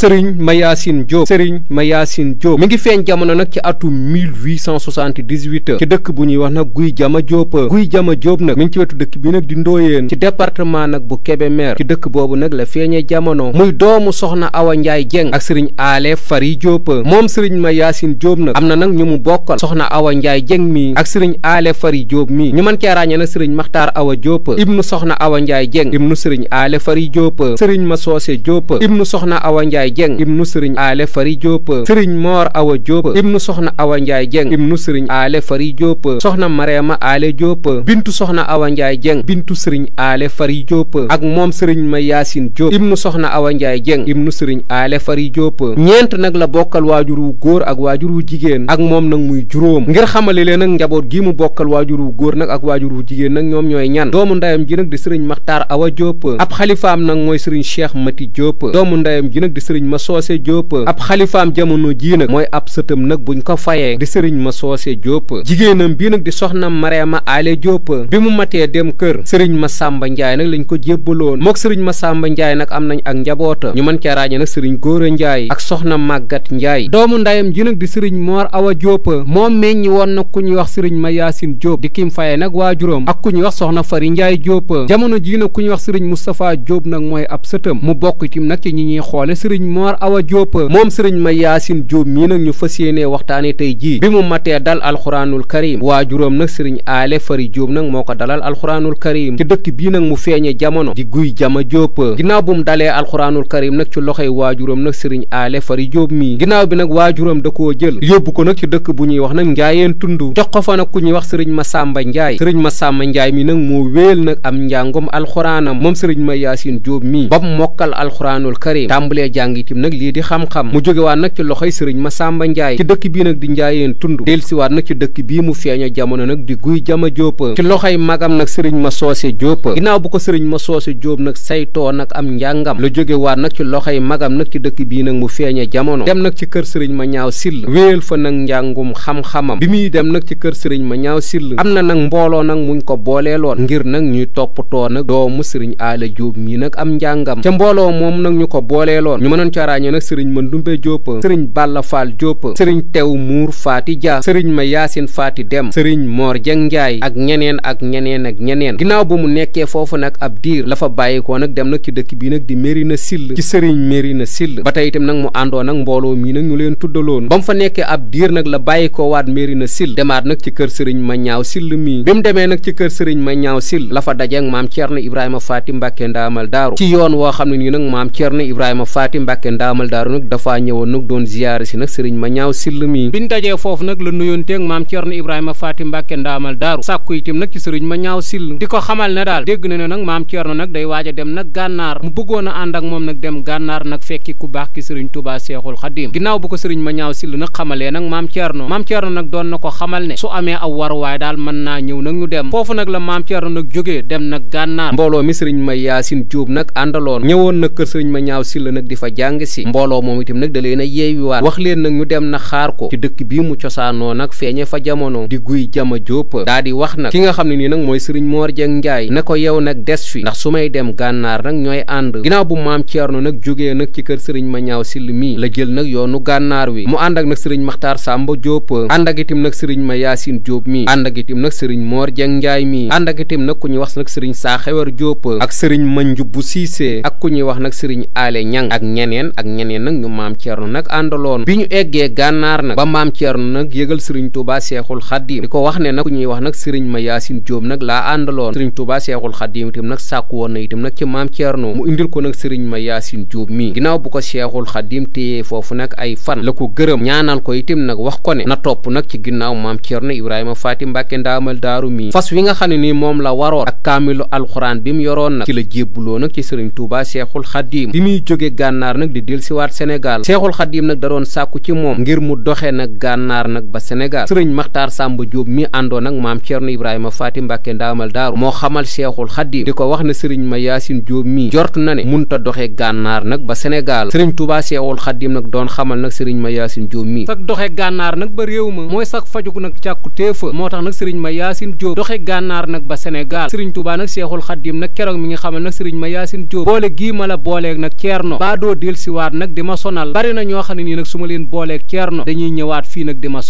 sëriñ Mayacine Diop sëriñ Mayacine Diop mi ngi feeñ jamono nag ci atum 1878 ci dëkk bu ñuy wax nag Guy Jama Diop Guy Jama jóob nag mi ngi ci wetu dëkk bi nag di Ndoyeen ci département nag bu Kébémer ci dëkk boobu nag la feeñee jamono muy doomu soxna Awa Ndiaye Dieng ak sëriñ Ale Fari Diop moom sëriñ Mayacine Diop nag am na nag ñu mu bokkal soxna Awa Ndiaye Dieng mii ak sëriñ Ale Fari Diop mii ñu mën cee ràññee nag sëriñ Makhtar Awa Diop ibnu soxna Awa Ndiaye Dieng ibnu sëriñ Ale Fari Diop sëriñ Massoose Diop ibnu soxna Awa Njaay Jeng ibnu sëriñ aale fari Diop sëriñ Moor Awa Diop ibnu soxna Awa Njaay Jeng ibnu sëriñ aale fari Diop soxna Mareema aale Diop bintu soxna Awa Njaay Jeng bintu sëriñ aale fari Diop ak moom sëriñ ma Yaasin Diop ibnu soxna Awa Njaay Jeng ibnu sëriñ aale fari Diop ñeent nag la bokkal waajur wu góor ak waajur wu jigéen ak moom nag muy juróom ngir xamali leen nag njaboot gi mu bokkal waajur wu góor nag ak waajur wu jigéen nag ñoom ñooy ñan doomu ndayam ji nag di sëriñ Maxtaar Awa Diop ab xalifaam nag mooy sëriñ Cheikh Mati Diop sëriñ ma soose Diop ab xalifaam jamono jii nag mooy ab sëtam nag buñ ko fayee di sëriñ ma soose Diop jigéenam bi nag di soxna Mariama Aale Diop bi mu matee dem kër sëriñ ma Samba Ndiaye nag lañ ko jébbaloon mook sëriñ ma Samba njaay nag am nañ ak njaboota ñu man cee ràññee nag sëriñ Góora Ndiaye ak soxna Màggat Ndiaye doomu ndayam ji nag di sëriñ Mor Awa Diop moo meññ woon nag ku ñuy wax sëriñ ma Yaasin Diop di kim fayee nag waajuram ak ku ñuy wax soxna Fari Ndiaye Diop jamono ji nag ku ñuy wax sëriñ Moustapha Diop nag mooy ab sëtam mu bokk Mor Awa Diop moom sëriñ ma Yaasin Diop mii nag ñu fas yéenee waxtaane tey jii bi mu matee dal alxuraanul karim waajuróom nag sëriñ ale fari Diop nag moo ko dalal alxuraanul karim ci dëkk bii nag mu feeñe jamono di guy jama Diop ginnaaw bu mu dalee alxuraanul karim nag ci loxoy waajuróom nag sëriñ aale fari Diop mii ginnaaw bi nag waajuram da koo jël yóbbu ko nag ci dëkk bu ñuy wax nag njaayeen tund jox ko fa nag ku ñuy wax sëriñ ma Masamba Njaay sëriñ Masamba Njaay mi nag moo wéel nag am njàngum alxuraanam moom sëriñ ma Yaasin Diop mii ba mu mokkal alxuraanul karim itam nag lii di xam-xam mu jógewaat nag ci loxoy sëriñ Masamba Njaay ci dëkk bii nag di njaayeen tund delsiwaat nag ci dëkk bii mu feeño jamono nag di guy jama jóopa ci loxoy magam nag sëriñ ma soose jóopa ginnaaw bu ko sëriñ ma soose jóob nag saytoo nag am njàngam la jógewaat nag ci loxoy magam nag ci dëkk bii nag mu feeño jamono dem nag ci kër sëriñ ma ñaaw sill wéyal fa nag njàngum xam-xamam bi muy dem nag ci kër sëriñ ma ñaaw sill am na nag mbooloo nag mu ko booleeloon ngir nag ñuy toppatoo nag doomu sëriñ aala jóob mii am njàngam ñu ko booleeloon ñu ngeen ca ràññee nag sëriñ Mandoumbe Diop sëriñ Balla Fall Diop sëriñ Tew Mour Faati Dia sëriñ ma Yaasin Faati Dem sëriñ moor Dieng Ndiaye ak ñeneen ak ñeneen ak ñeneen ginnaaw ba mu nekkee foofu nag ab diir la fa bàyyikoo nag dem nag ci dëkk bii nag di na Sill ci sëriñ na Sill ba tey itam nag mu àndoon nag mbooloo mii nag ñu leen tuddaloon ba mu fa nekkee ab diir nag la bàyyikoo waat na Sill demaat nag ci kër sëriñ ma ñaaw Sill mii bi mu demee nag ci kër sëriñ ma ñaaw Sill la fa dajeeg maam Thierno Ibrahima Faati Mbàkke Mbàkke ndaamal daaru nag dafaa ñëwoon nag doon ziyaare si nag sëriñ ma ñaaw sill mi biñ dajee foofu nag la nuyoonteeg maam Cerno Ibrahima Faati Mbàkke ndaamal daaru sàkku itam nag ci sëriñ ma ñaaw sill di ko xamal ne daal dégg na ne nag maam Cerno nag day a dem nag gànnaar mu bëggoon a ànd ak moom nag dem gànnaar nag fekki ku baax ki sëriñ Tuubaa Seexul ginnaaw bu ko sëriñ ma ñaaw sill nag xamalee nag maam Cerno maam nag doon na ko xamal ne su amee aw waruwaay daal mën naa ñëw nag ñu dem foofu nag la maam Cerno nag jógee dem nag gànnaar mbooloo mi sëriñ ma Yaasin Jóob nag jàng si mbooloo moom itam nag da leen a yeewiwaat wax leen nag ñu dem na xaar ko ci dëkk bii mu cosaanoo nag feeñe fa jamono di guy jama jóob daa di wax nag ki nga xam ne nii nag mooy sëriñ Moor Jeng Njaay na ko yow nag des fi su may dem gànnaar nag ñooy ànd ginnaaw bu maam Ceerno nag jógee nag ci kër sëriñ ma ñaaw sill mii la jël nag yoonu gannaar wi mu ànd ak nag sëriñ Maxtaar samba Jóob ànd ak itam nag sëriñ ma Yaasin Jóob mi ànd ak itam nag sëriñ Moor Jeng Njaay mi ànd ak itam nag ku ñuy wax nag sëriñ Saa Xewar Jóob ak sëriñ ma Njubbu Siise ak ku ñuy wax nag sëriñ ñeneen ak ñeneen nag ñu maam Thierno nag àndaloon bi ñu eggee gànnaar nag ba maam Thierno nag yëgal sëriñ Touba Seexul Xaddiim di ko wax ne nag ku ñuy wax nag sëriñ Mayaasin Jóob nag laa àndaloon sëriñ Touba Seexul Xaddiim itam nag sàkku woon na itam nag ci maam Thierno mu indil ko nag sëriñ Mayaasin Jóob mii ginnaaw bu ko Seexul Xaddiim téyee foofu nag ay fan la ko gërëm ñaanal ko itam nag wax ko ne na topp nag ci ginnaaw maam Thierno Ibrahima fa Mbàkke ndaamal daaru mii fas wi nga xam ne nii moom la waroon ak kaamilu bi mu yoroon nag ci la jébbuloo nag ci gànnaar nag di dellusiwaat Sénégal Seexul Xadiim nag da doon sàkku ci moom ngir mu doxee nag gànnaar nag ba Sénégal sëriñ Maxtaar Sàmba Jóob mi àndoon ak maam Ceerno Ibrahima Faati Mbàkke ndaamal daaru moo xamal Seexul Xadiim na ne munta doxee gànnaar nag ba Sénégal sëriñ Tuubaa Seexul Xadiim nag doon xamal nag ma Yaasin Jóob mii sag doxee gànnaar nag ba réew ma mooy sag fajug nag moo tax nag sëriñ ma Yaasin Jóob doxe gànnaar nag ba Sénégal sëriñ Tuubaa nag Seexul Xadiim nag keroog mi ngi xamal nag sëriñ ma Yaasin Jóob boole gii ma la boolee nag Ceerno baadoo dellusiwaat nag di ma sonal bari na ñoo xam ne nii nag ma leen booleeg ceerno dañuy ñëwaat fii nag di ma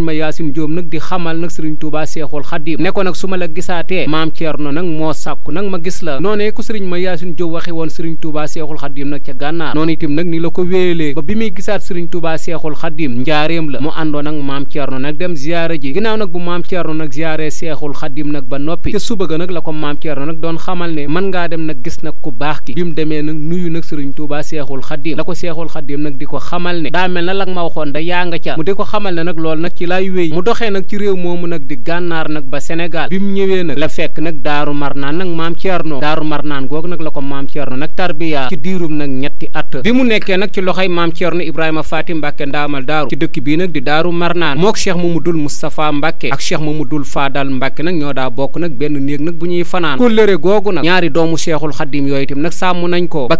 ma yaasin jóob nag di xamal nag sëriñ tuubaa seexul xadim ne ko nag su ma la gisaatee maam ceerno moo sàkku nag ma gis la noonee ko sëriñ ma yaasin jóob waxe woon sëriñ tuubaa seexul xadim nag ca gànnaar noonu itam nag ni la ko wéelee ba bi muy gisaat sëriñ tuubaa seexul njaareem la mu àndoon ak maam ceerno nag dem ziyaare ji ginnaaw nag bu maam ceerno nag ziyaare seexul xadim nag ba noppi te suba nag la ko maam ceerno nag doon xamal ne man ngaa dem nag gis nag ku baax ki bi mu demee nag nuyu nag sëriñ tuubaa seexul xaddiim la ko seexul xaddiim nag di ko xamal ne daa mel na lag ma waxoon da yaa nga ca mu di ko xamal ne nag loolu nag ci lay wéy mu doxee nag ci réew moomu nag di gànnaar nag ba Sénégal bi mu ñëwee nag la fekk nag daaru marnaan nag maam Ceerno daaru marnaan googu nag la ko maam Ceerno nag tarbiya ci diirum nag ñetti at bi mu nekkee nag ci loxoy maam Ceerno Ibrahima Faati Mbàkke ndaamal daaru ci dëkk bii nag di daaru marnaan mook Cheikh Mamadul Moustapha Mbàkke ak Cheikh Mamadul Faadal Mbàkke nag ñoo bokk nag benn néeg nag bu ñuy fanaan kóllëre googu nag ñaari doomu Seexul Xaddiim yooyu itam nag sàmm nañ ko ba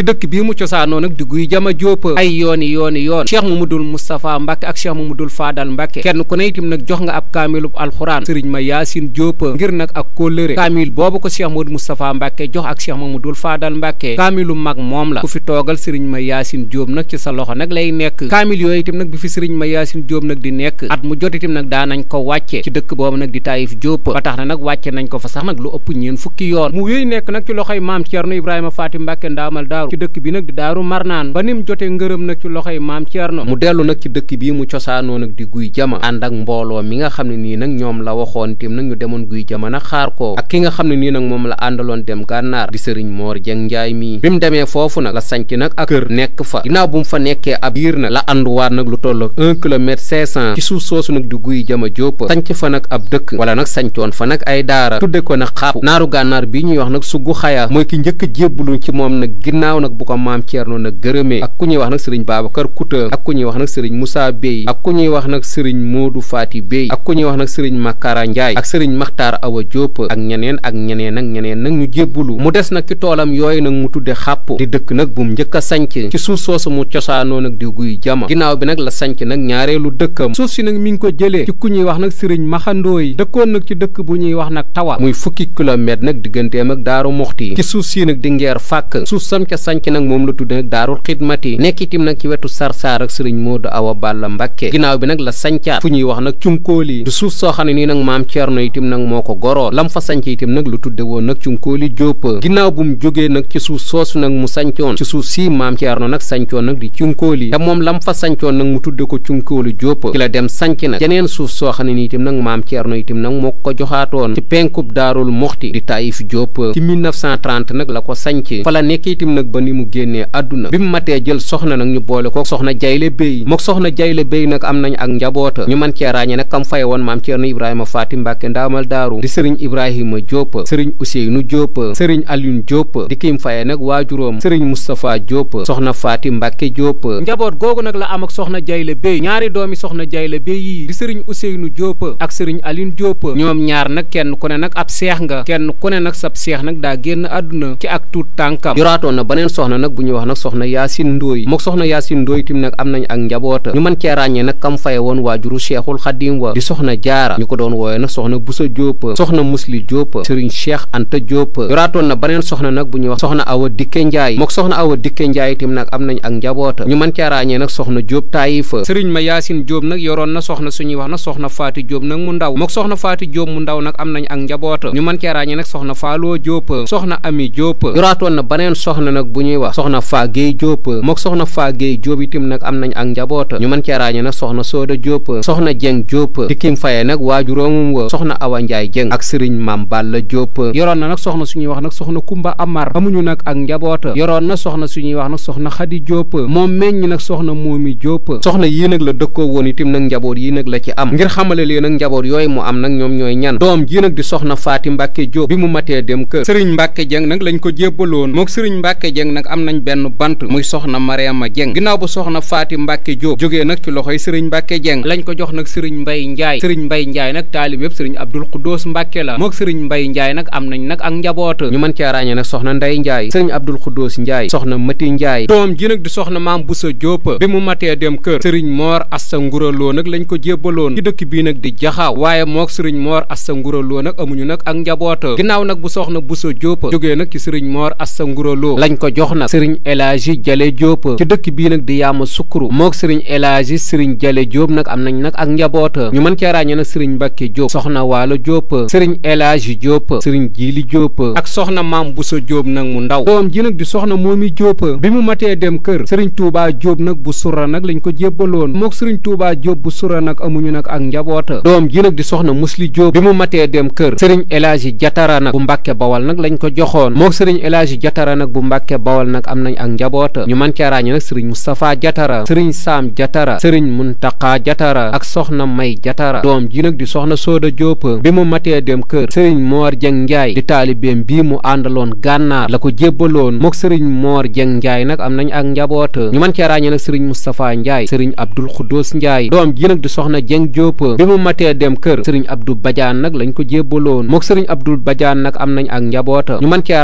ci dëkk bii mu cosaanoo nag di guy jama jóopa ay yooni yooni yoon cheikh mamadul moustapha mbàkke ak cheikh mamadul faadal mbàkke kenn ku ne itam nag jox nga ab kaamilub alxuraan sëriñ ma yaasin jóopa ngir nag ak kóllëre kaamil boobu ko cheikh mamadul moustapha mbàkke jox ak cheikh mamadul faadal mbàkke kaamilu mag moom la ku fi toogal sëriñ ma yaasin jóob nag ci sa loxo nag lay nekk kaamil yooyu itam nag bi fi sëriñ ma yaasin jóob nag di nekk at mu jot itam nag daanañ ko wàcce ci dëkk boobu nag di taayif jóopa ba tax na nag wàcce nañ ko fa sax nag lu ëpp ñeen fukki yoon mu wéy nekk nag ci loxoy maam Cerno ci dëkk bi nag di daaru marnaan ba nim jote ngërëm nag ci loxoy maam Thierno mu dellu nag ci dëkk bii mu cosaanoo nag di guy jama mi nga xam ne nii nag ñoom la waxoon tim nag ñu demoon guy jama nag xaar ko ak ki nga xam ne nii nag moom la àndaloon dem gànnaar di sëriñ moor jeng njaay mii bi mu demee foofu na la sanc nag ak kër nekk fa ginnaaw bu mu fa nekkee ab biir nag la ànduwaat nag lu toll ak un kilomètre cinq cent ci suuf soosu nag di guy jama jóopa sanc fa nag ab dëkk wala nag sancoon fa nag ay daara tudde ko nag xaapu naaru bi ñuy wax nag suggu xaya ginnaaw nag bu ko maam Thierno nag gërëmee ak ku ñuy wax nag sëriñ Babacar Kouta ak ku ñuy wax nag sëriñ Moussa Bey ak ku ñuy wax nag sëriñ Modou Fati Bey ak ku ñuy wax nag sëriñ Makara Ndiaye ak sëriñ Makhtar Awa Diop ak ñeneen ak ñeneen ak ñeneen nag ñu jébbulu mu des nag ci toolam yooyu nag mu tudde xàpp di dëkk nag bu mu njëkk a sanc ci suuf soo soosu mu cosaanoo nag di guy jama ginnaaw bi nag la sanc nag ñaareelu dëkkam suuf si nag mi ngi ko jëlee ci ku ñuy wax nag sëriñ maxandoo Maxandooy dëkkoon nag ci dëkk bu ñuy wax nag tawa muy fukki kilomètre nag digganteem nag di ngeer fàkk sanc nag moom la tudde nag daarul xidmati nekk itam nag ci wetu sarsaar ak sëriñ Modou Awa Balla Mbàkke ginnaaw bi nag la sancaat fu ñuy wax nag cunkóoli du suuf soo xam ne nii nag maam Cerno itam nag moo ko goroon lam fa sanc itam nag lu tudde woon nag cunkóoli Jóob ginnaaw bu mu jógee nag ci suuf soosu nag mu sancoon ci suuf si maam Cerno nag sancoon nag di cunkóoli te moom lam fa sancoon nag mu tudde ko cunkóoli Jóob ci la dem sanc nag jeneen suuf soo xam ne nii itam nag maam Cerno itam nag moo ko joxaatoon ci penkub daarul muxti di Taïf Jóob ci 1930 nag la ko sanc fa la nekk itam ba ni mu génnee àdduna bi mu matee jël soxna nag ñu boole ko soxna jayle béy mook soxna jayle béy nag am nañ ak njaboota ñu man cee ràññee nag kam faye woon maam Ceerno Ibrahima Faati Mbàkke ndaamal daaru di sëriñ Ibrahima Diop sëriñ Ousseynou Diop sëriñ Alioune Diop di kiim faye nag waajuróom sëriñ Moustapha Diop soxna Faati Mbàkke Diop njaboot googu nag la am ak soxna jayle béy ñaari doomi soxna jayle béy yi di sëriñ Ousseynou Diop ak sëriñ Alioune Diop ñoom ñaar nag ku ne nag ab seex nga kenn beneen soxna nag bu ñuy wax nag soxna Yaasin Ndooy mook soxna Yaasin Ndooy tim nag am nañ ak njaboota ñu mën cee nag wa di soxna jaara ñu ko doon wooye nag soxna Busa Jóob soxna Musli Jóob Sëriñ Cheikh Anta Jóob yoraatoon na beneen soxna nag bu ñuy wax soxna Awa na soxna suñuy wax na soxna Faati Jóob nag mu mu ndaw nag am nañ ak njaboota ñu mën cee ràññee nag soxna Faaloo Jóob soxna Ami Jóob yoraatoon na beneen soxna nag bu ñuy wax soxna faa géey jóob mook soxna faa géey jóob itam nag am nañ ak njaboota ñu mën cee ràññee na soxna sooda jóob soxna jeng jóob dikkim fayee nag waajuróomum wa soxna awa njaay jeng ak sëriñ maam balla jóob yoroon na nag soxna suñuy wax nag soxna kumba amar amuñu nag ak njaboota yoroon na soxna suñuy wax nag soxna xadi jóob moom meññ nag soxna moomi jóob soxna yii nag la dëkkoo woon itam nag njaboot yii nag la ci am ngir xamale leen nag njaboot yooyu mu am nag ñoom ñooy ñan doom ji nag di soxna faati mbàkke jóob bi mu matee dem kër sëriñ mbàkke jeng nag lañ ko jébbaloon mook sëriñ mbàkke Dieng nag am nañ benn bant muy soxna Mariama Dieng ginnaaw bu soxna Faati Mbàkke Jóob jógee nag ci loxo loxoy sëriñ mbakke Dieng lañ ko jox nag sëriñ Mbay Njaay sëriñ Mbay Njaay nag taalib yëpp sëriñ Abdul Xuddoos mbakke la mook sëriñ Mbay Njaay nag am nañ nag ak njaboot ñu mën cee ràññee nag soxna Ndey Njaay sëriñ Abdul Xuddoos Njaay soxna Mati Njaay doom ji nag di soxna Maam sa Jóob bi mu matee dem kër sëriñ Moor Asta Nguraloo nag lañ ko jébbaloon ci dëkk bii nag di jaxaaw waaye mook sëriñ Moor Asta Nguraloo nag amuñu nag ak njaboot ginnaaw nag bu soxna Busa Jóob jógee nag ci sëriñ Moor Asta Nguraloo lañ ko jox nag sëriñ El Hadji Jale Diop ci dëkk bii nag di yaama sukkuru mook sëriñ El Hadji sëriñ Jale Diop nag am nañ nag ak njaboota ñu mën cee ràññee nag sëriñ Mbacke Diop soxna Waalo Diop sëriñ El Hadji Diop sëriñ Jili Diop ak soxna Maam bu sa Diop nag mu ndaw doom ji nag di soxna Momi Diop bi mu matee dem kër sëriñ Touba Diop nag bu sura nag lañ ko jébbaloon mook sëriñ Touba Diop bu sura nag amuñu nag ak njaboota doom ji nag di soxna Musli Diop bi mu matee dem kër sëriñ El Hadji Jatara nag bawol nag am nañ ak njaboot ñu man cee ràññee nag sëriñ Moustapha Jatara sëriñ Saam Jatara sëriñ Muntaqa Jatara ak soxna May Jatara doom ji nag di soxna Sooda Jóob bi mu matee dem kër sëriñ Moor Jeng Njaay di taalibeem bii mu àndaloon gànnaar la ko jébbaloon mook sëriñ Moor Jeng Njaay nag am nañ ak njaboot ñu man cee ràññee nag sëriñ Moustapha Njaay sëriñ Abdul Xuddoos Njaay doom ji nag di soxna Jeng Jóob bi mu matee dem kër sëriñ Abdou Badiane nag lañ ko jébbaloon mook sëriñ Abdul bajaan nag am nañ ak njaboota ñu man cee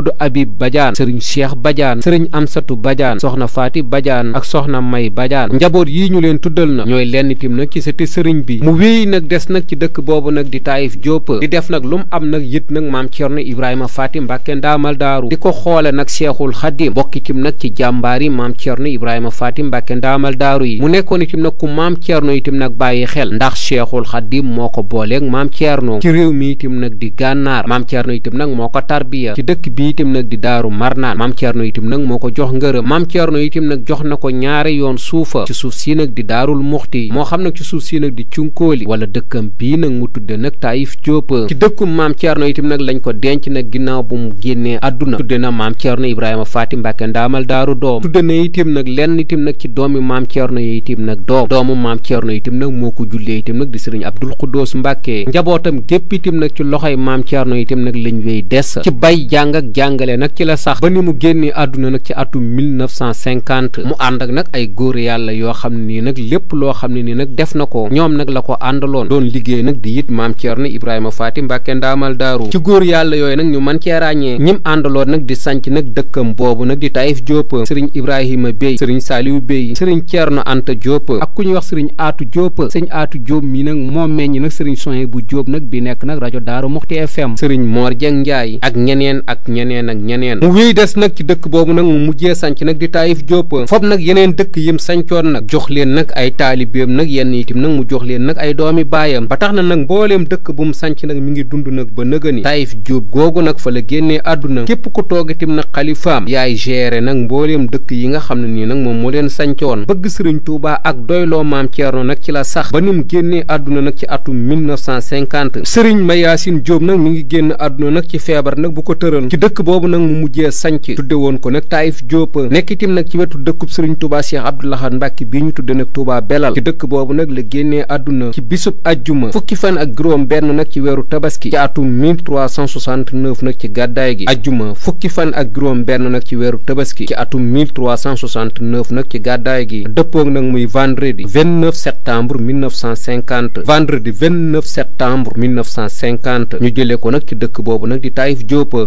Modou Habib Badiane sëriñ Cheikh Badiane sëriñ Amsatu Badiane soxna Faati Badiane ak soxna May Badiane njaboot yi ñu leen tuddal na ñooy lenn tim nag ci sëti sëriñ bi mu wéy nag des nag ci dëkk boobu nag di Taïf Diop def nag lu am nag yit nag maam Cerno Ibrahima Faati Mbàkke ndaamal daaru di ko xoole nag Seexul Xaddim bokki tim nag ci jàmbaar yi maam Cerno Ibrahima Faati Mbàkke ndaamal daaru yi mu nekkoon itim nag ku maam Cerno itim nag bàyyi xel ndax Seexul Xaddim moo ko booleeg maam Cerno ci réew nag di gànnaar maam Cerno tarbiya ci dëkk bi itam nag di daaru ko jox ngërëm maam Thierno na ko ñaari yoon suufa ci suuf si nag di daarul moo xam nag ci si nag di cunkóoli wala dëkkam bii nag mu tudde nag Taïf Diop ci dëkkum maam Thierno itam nag lañ ko denc nag ginnaaw bu mu génnee àdduna tudde na maam Thierno Ibrahima Faati Mbàkke ndaamal daaru doom tudde na itam nag lenn itam nag ci doomi maam Thierno yi nag doom doomu maam Thierno itam nag moo ko jullee itam nag di sëriñ Abdul Xuddoos Mbàkke njabootam gépp itam nag ci loxoy maam Thierno itam nag lañ wéy des ci bay jàng ak jàngale nag ci la sax ba ni mu génnee àdduna nag ci atum 1950 mu ànd ak nag ay góor yàlla yoo xam ne nii nag lépp loo xam ne nii nag def na ko ñoom nag la ko àndaloon doon liggéey nag di it maam Thierno Ibrahima Faty Mbacke Ndaamal Daaru ci góor yàlla yooyu nag ñu man cee ràññee ñim àndaloon nag di sanc nag dëkkam boobu nag di Taïf Diop sëriñ Ibrahima Bey sëriñ Saliou Bey sëriñ Thierno Anta Diop ak ku ñuy wax sëriñ Atou Diop sëriñ aatu Diop mi nag moom meññi nag sëriñ Soye bu Diop nag bi nekk nag rajo Daaru Muxti FM ñeneen ak ñeneen mu wéy des nag ci dëkk boobu nag mu mujjee sanc nag di taayif Jóob fob nag yeneen dëkk yim sancoon nag jox leen nag ay taalibeem nag yenn itim nag mu jox leen nag ay doomi baayam ba tax na nag mbooleem dëkk bu mu sanc nag mi ngi dund nag ba nëgëni taayif Jóob googu nag fa la génnee àdduna képp ku toog itim nag xalifaam yaay géré nag mbooleem dëkk yi nga xam ne nii nag moom moo leen sancoon bëgg sëriñ Tuubaa ak doyloo maam Ceerno nag ci la sax ba ni mu génnee àdduna nag ci atum 1950 sëriñ Mayaasin Jóob nag mi ngi génn àdduna nag ci feebar dëkk boobu nag mu mujjee sanc tudde woon ko nag Taïf Diop nekk itam nag ci wetu dëkku Serigne Touba Cheikh Abdoul Ahad Mbacké bii ñu tudde nag Touba Belal ci dëkk boobu nag la génnee àdduna ci bisub ajjuma fukki fan ak juróom benn nag ci weeru tabaski ci atum 1369 nag ci gàddaay gi ajjuma fukki fan ak juróom benn nag ci weeru tabaski ci atum 1369 nag ci gàddaay gi dëppoog nag muy vendredi 29 septembre 1950 vendredi 29 septembre 1950 ñu jëlee ko nag ci dëkk boobu nag di Taïf Diop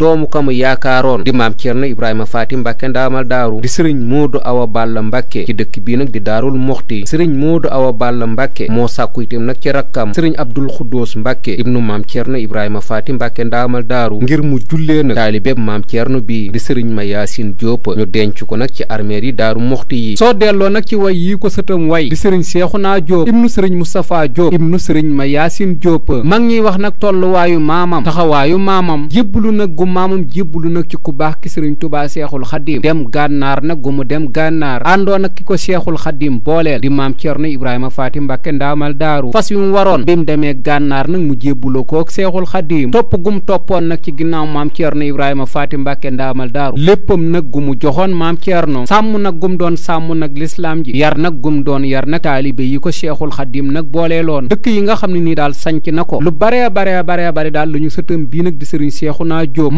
doomu ka mu yaakaaroon di maam Thierno Ibrahima Faty Mbacke ndaamal daaru di sëriñ Modou Awa Balla Mbacke ci dëkk bii nag di daarul muxti sëriñ Modou Awa Balla Mbacke moo sàkku itam nag ci rakkam sëriñ Abdul Xuddoos Mbacke ibnu maam Thierno Ibrahima Faty Mbacke ndaamal daaru ngir mu jullee nag taalibeb maam Thierno bii di sëriñ Mayacine Diop ñu denc ko nag ci armeel yi daaru muxti yi soo delloo nag ci way yii ko sëtam way di sëriñ Seexuna Diop ibnu sëriñ Moustapha Diop ibnu sëriñ Mayacine Diop mag ñuy wax nag tolluwaayu maamam taxawaayu maamam jébbalu nag ci ku baax ki sëriñ tubaa seexul xaddim dem gànnaar nag gu mu dem gànnaar àndoon ak ki ko seexul xaddim booleel di maam Cerno Ibrahima Faati Mbàkke ndaamal daaru fas yu mu waroon bi mu demee gànnaar nag mu jébbaloo kook seexul xaddim topp gum toppoon nag ci ginnaaw maam Cerno Ibrahima Faati Mbàkke ndaamal daaru léppam nag gu mu joxoon maam Cerno sàmm nag gum doon sàmm nag lislaam ji yar nag gum doon yar nag taalibe yi ko seexul xaddim nag booleeloon dëkk yi nga xam ne nii daal sanc na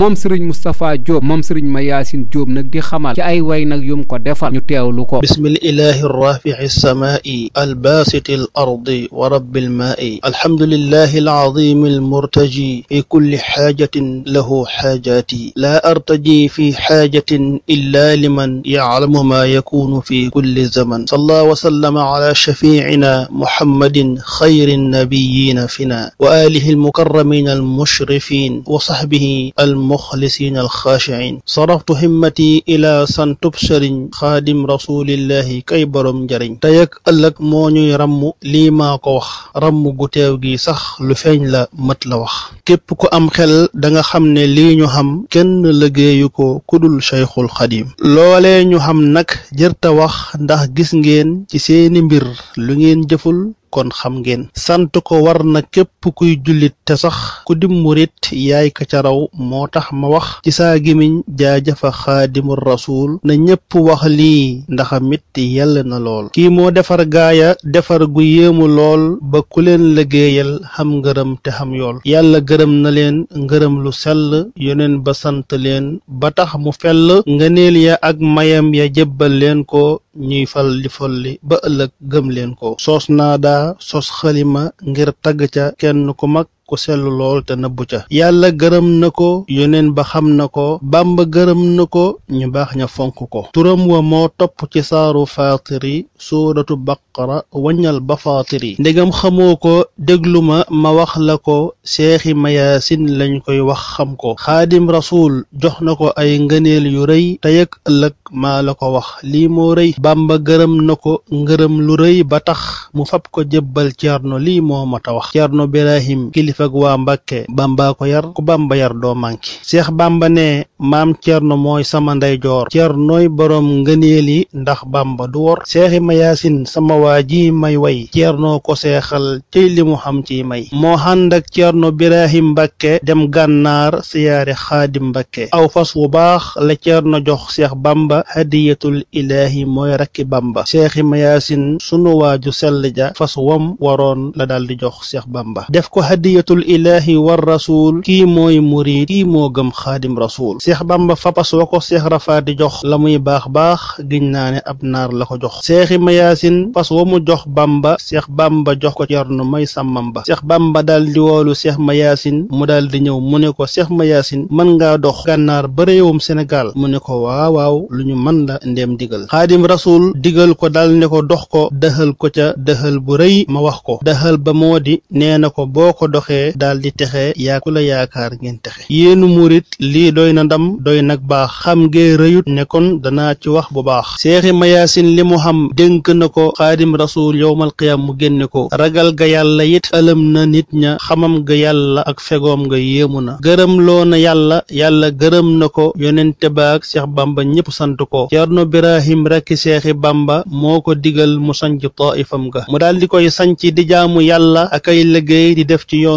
moom sëriñ Moustapha Diop moom sëriñ Mayacine Diop nag di xamal ci ay way nag yum ko defal ñu teewlu ko bismillahi rrafi'i ssamaa'i albaasiti al ardi wa rabbi lmaa'i alhamdulillahi alazimi almurtaji fi kulli xaajatin lahu xaajaati laa artaji fi xaajatin illa liman yaclamu maa yakunu fi kulli zaman salla wa sallama ala shafiicina muhammadin xayri nabiyina fina wa aalihi almukarramina almushrifin wa saxbihi المخلصين الخاشعين صرفت همتي ila سان تبشر خادم رسول الله كي borom njariñ tey ak ëllëg moo ñuy ramm lii maa ko wax ramm gu teew gi sax lu feeñ la mët la wax képp ku am xel danga xam ne lii ñu xam kenn liggéeyu ko kudul cheikhul xadim loolee ñu xam nag jërta wax ndax gis ngeen ci seeni mbir lu ngeen jëful kon xam ngeen sant ko war na képp kuy jullit te sax ku di murit yaay ko ca raw moo tax ma wax ci saa gimiñ jaajëfa xaadimul rasuul na ñépp wax lii ndaxamit yàlla na lool kii moo defar gaaya defar gu yéemu lool ba ku leen liggéeyal xam ngërëm te xam yool yàlla gërëm na leen ngërëm lu sell yoneen ba sant leen ba tax mu fell ngëneel ya ak mayam ya jébbal leen ko ñuy fal di folli ba ëllëg gëm leen ko soos naa daa sos xalima ngir tagg ca kenn ku mag ku sellu lool te nëbbu ca yàlla gërëm na ko yoneen ba xam na ko bàmba gërëm na ko ñu baax ña fonk ko turam wa moo topp ci saaru faatiri suuratu baqara waññal ba faatiri ndegam xamoo ko déglu ma ma wax la ko seexi mayaasin lañ koy wax xam ko xaadim rasuul jox na ko ay ngëneel yu rëy tey ak ëllëg maa la ko wax lii moo rëy bàmba gërëm na ko ngërëm lu rëy ba tax mu fab ko jébbal ceerno lii moo mata wax ceerno birahim kili Jolof ak waa Mbàkke Bamba ko yar ku Bamba yar doo manki Seex Bamba ne maam na mooy sama ndeyjoor Cernooy boroom ngëneel yi ndax Bamba du wor Seexi Mayaasin sama waa ji may way noo ko seexal cëy li mu xam ci may moo ànd ak Cerno Birahim mbakke dem gànnaar siyaare Xaadim Mbàkke aw fas wu baax la Cerno jox Seex Bamba hadiyatul ilaahi mooy rakki Bamba Seexi Mayaasin sunu waaju sell ja fas wom waroon la daldi jox Seex Bamba def ko hadiya xujjatul ilahi war rasul kii mooy murid kii moo gëm xaadim rasul seex bamba fapas wa ko seex rafaa di jox la muy baax baax giñ naa ne ab naar la ko jox seexi mayaasin fas wa mu jox bamba seex bamba jox ko cernu may sàmmam ba seex bamba dal di woolu seex mayaasin mu dal di ñëw mu ne ko seex mayaasin man ngaa dox gànnaar ba réewum sénégal mu ne ko waaw waaw lu ñu man la ndem digal xaadim rasuul digal ko dal ne ko dox ko dëxal ko ca dëxal bu rëy ma wax ko dëxal ba moo di nee na ko boo ko doxee texee daal di texee yaa ku la yaakaar ngeen texe yéenu murit lii doy na ndam doy nag baax xam ngee rëyut ne kon danaa ci wax bu baax seexi mayaasin li mu xam dénk na ko xaadim rasuul yowmal qiyaam mu génne ko ragal ga yàlla it ëlëm na nit ña xamam ga yàlla ak fegoom nga yéemu na gërëm loo na yàlla yàlla gërëm na ko yonente baak seex bamba ñépp sant ko ceerno birahim rekki seexi bamba moo ko digal mu sanc taifam ga mu daal koy sanc di jaamu yàlla akay liggéey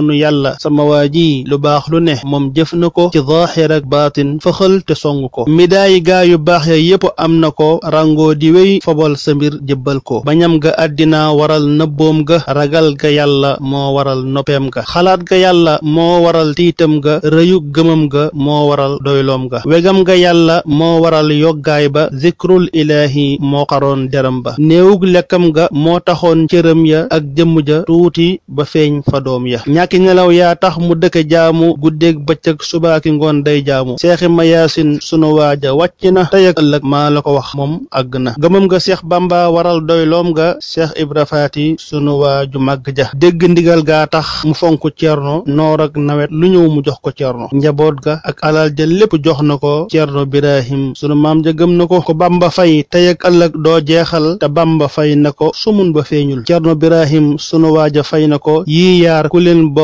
yoonu yàlla sama waa ji lu baax lu ne moom jëf na ko ci zaahir ak baatin fëxal te song ko midaayi gaa yu baax ya yépp am na ko rangoo di wéy fobal sa mbir jëbbal ko bañam ga àddina waral nëbboom ga ragal ga yàlla moo waral noppeem ga xalaat ga yàlla moo waral tiitam ga rëyu gëmam ga moo waral doyloom ga wegam ga yàlla moo waral yoggaay ba zikrul ilaahi moo xaroon deram ba néewug lekkam ga moo taxoon cëram ya ak jëmm ja tuuti ba feeñ fa doom ya ki nelaw yaa tax mu dëkk jaamu guddeeg bëccëg subaaki ngoon day jaamu seexi ma yaasin sunu waaja wàcc na tey ak ëllëg maa la ko wax moom àgg na gëmam nga seex bamba waral doy loom nga seex ibra faati sunu waaju màgg ja dégg ndigal gaa tax mu fonk cerno noor ak nawet lu ñëw mu jox ko cerno njaboot ga ak alal ja lépp jox na ko cerno birahim sunu maam ja gëm na ko ko bamba fay tey ak doo jeexal te bamba fay na ko sumun ba feeñul cerno birahim sunu waaja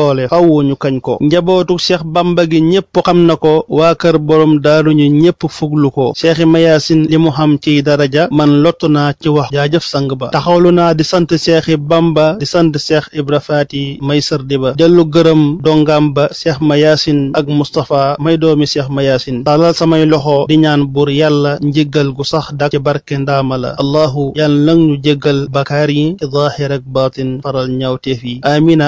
doole fàwwu ñu kañ ko njabootu cheikh bamba gi ñépp xam na ko waa kër boroom daaru ñu ñépp fuglu ko cheikh mayaasin li mu xam ciy daraja man lottu naa ci wax jaajëf sang ba taxawlu naa di sant cheikh bamba di sant cheikh ibra faati may sërdi ba dellu gërëm dongam ba ma mayaasin ak mustapha may doomi ma mayaasin tàllal samay loxo di ñaan buur yàlla njéggal gu sax dak ci barke ndaama la allahu yàlla nag ñu jéggal bakaar yi ci zaahir ak baatin faral ñaawteef yi amina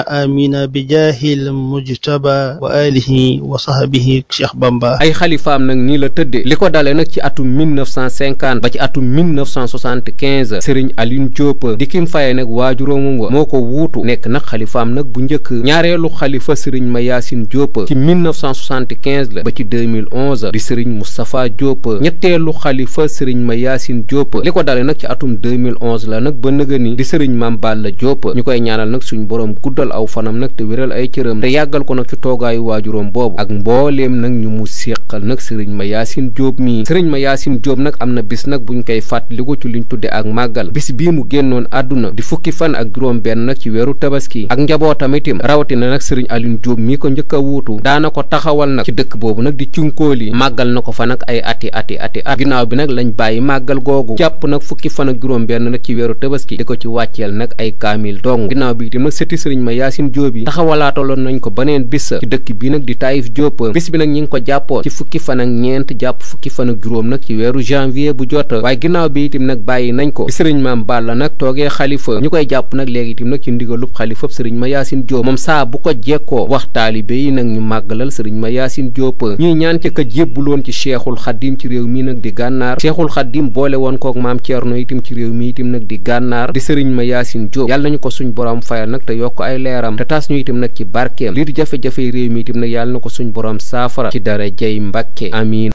al mujtaba wa alihi wa sahbihi Cheikh Bamba ay xalifaam nag nii la tëddee li ko dalee nag ci atum 1950 ba ci atum 1975 Serigne Alioune Diop di kim faye nag waajuróomam wa moo ko wuutu nekk nag xalifaam nag bu njëkk ñaareelu xalifa Serigne Mayacine Diop ci 1975 la ba ci 2011 di Serigne Moustapha Diop ñetteelu xalifa Serigne Mayacine Diop li ko dalee nag ci atum 2011 la nag ba nëga ni di Serigne Mame Balla Diop ñu koy ñaanal nag suñ borom guddal aw fanam nag te wéral ay cëram te yàggal ko nag ci toogaayu waajuróom boobu ak mbooleem nag ñu mu séqal nag sëriñ ma yaasin jóob mii sëriñ ma yaasin jóob nag am na bis nag ñu koy ko ci ñu tudde ak màggal bis bii mu génnoon àdduna di fukki fan ak juróom benn nag ci weeru tabaski ak njabootam itam rawatina nag sëriñ Alioune jóob mii ko njëkk a wuutu daana ko taxawal nag ci dëkk boobu nag di cunkóoli màggal na ko fa nag ay ati ati ati at ginnaaw bi nag lañ bàyyi màggal googu jàpp nag fukki fan ak nag ci weeru tabaski di ko ci wàcceel nag ay kaamil dong ginnaaw bi amalaataloon nañ ko beneen bis ci dëkk bi nag di Taïf Diop bis bi nag ñi ngi ko jàppoon ci fukki fan ñeent jàpp fukki fan ak juróom nag ci weeru janvier bu jot waaye ginnaaw bi itam nag bàyyi nañ ko bi sëriñ maam Balla nag toogee xalifa ñu koy jàpp nag léegi itam nag ci ndigalub xalifa sëriñ ma yaasin Diop moom saa bu ko jekkoo wax taalibe yi nag ñu màggalal sëriñ ma yaasin Diop ñuy ñaan ca ka jébbuloon ci cheikhul xadim ci réew mi nag di gànnaar cheikhul xadim boole woon kook maam Ceerno itam ci réew mi itam nag di gànnaar di sëriñ ma yaasin Diop yàlla nañu ko suñ borom fayal nag te yokk ay leeram nag ci barkeem liitu jafe-jafe réew mi itam nag yàlla na ko suñ borom saafara ci dara jay mbakke amiin